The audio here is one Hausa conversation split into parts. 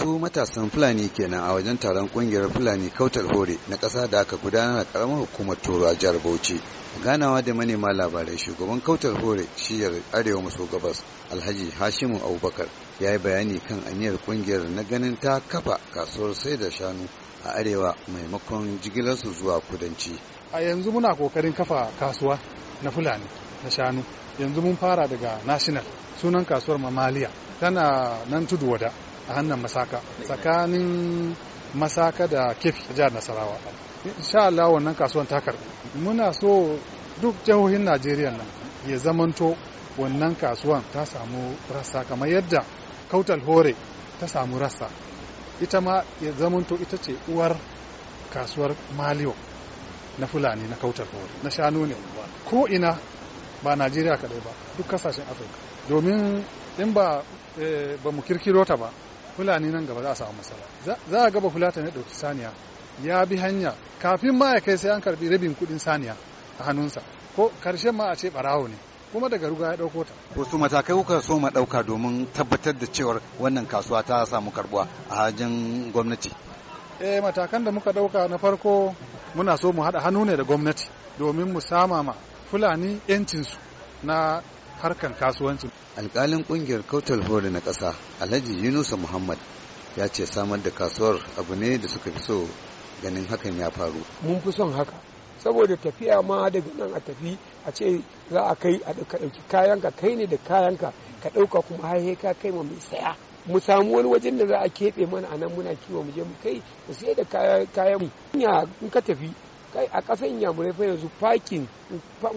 wasu matasan fulani kenan a wajen taron kungiyar fulani kautar hore na ƙasa da aka gudanar a ƙaramar hukumar toro a jihar bauchi ganawa da manema labarai shugaban kautar hore shiyar arewa maso gabas alhaji hashimu abubakar ya yi bayani kan aniyar kungiyar na ganin ta kafa kasuwar sai da shanu a arewa maimakon jigilarsu zuwa kudanci a yanzu muna kokarin kafa kasuwa na fulani na shanu yanzu mun fara daga national sunan kasuwar mamaliya tana nan tudu wada a hannun masaka tsakanin masaka da kefi jihar nasarawa insha Allah wannan kasuwan takar muna so duk jihohin Najeriya nan ya zamanto wannan kasuwan ta samu rassa kamar yadda kautal hore ta samu rasa ita ma ya zamanto ita ce uwar kasuwar maliyo na fulani na kautal hore na shanu ne ko ina ba Najeriya kaɗai ba duk kasashen Afirka domin in ba eh, ba mu kirkiro ta ba fulani nan gaba za a samu matsala za a gaba fulata ne ɗauki saniya ya bi hanya kafin ma ya kai sai an karbi rabin kuɗin saniya a hannunsa ko karshen ma a ce ɓarawo ne kuma daga ruga ya ɗauko ta. Wasu matakai kuka so ma ɗauka domin tabbatar da cewar wannan kasuwa ta samu karbuwa a hajin gwamnati. Eh matakan da muka ɗauka na farko muna so mu haɗa hannu ne da gwamnati domin mu sama ma Fulani 'yancinsu na harkan kasuwanci. alkalin kungiyar kautal hori na ƙasa alhaji yunusa muhammad ya ce samar da kasuwar abu ne da suka fi so ganin hakan ya faru mun fi son haka saboda tafiya ma daga nan a tafi a ce za a kai a ɗauki kayanka kai ne da kayanka ka ɗauka kuma haihe ka kai ma mai saya mu samu wani wajen da za a keɓe mana a nan muna kiwo mu je mu kai mu sai da kayan ya in ka tafi kai a ƙasan yamurai fa yanzu fakin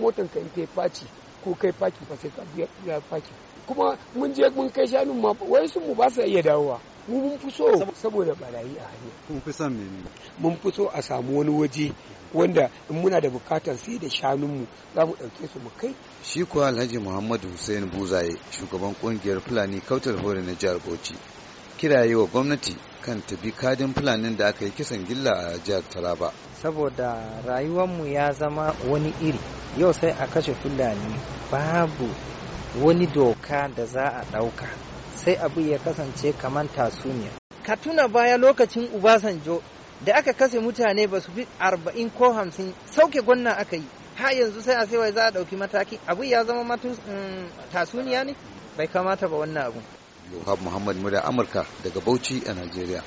motan ka in ta faci ko kai fa sai ka biya kuma mun je mun kai shanun ma wai sun mu ba su iya dawowa mu mun fi so saboda barayi a hanya mun fi son ne mun fi so a samu wani waje wanda in muna da bukatar sai da shanunmu za mu ɗauke su mu kai shi ko alhaji muhammadu hussein buzaye shugaban kungiyar fulani kautar hore na jihar bauchi kiraye wa gwamnati kan ta bi kadin fulanin da aka yi kisan gilla a jihar taraba saboda mu ya zama wani iri yau sai a kashe fulani babu wani doka da za a ɗauka sai abu ya kasance kamar tasuniya ka tuna baya lokacin ubasanjo da aka kashe mutane ba su fi arba'in ko hamsin sauke gwanna aka yi ha yanzu sai a wai za a ɗauki mataki abu ya zama mm, tasuniya ne bai kamata ba wannan abu Yohab Muhammad Muda Amurka daga Bauchi a Najeriya.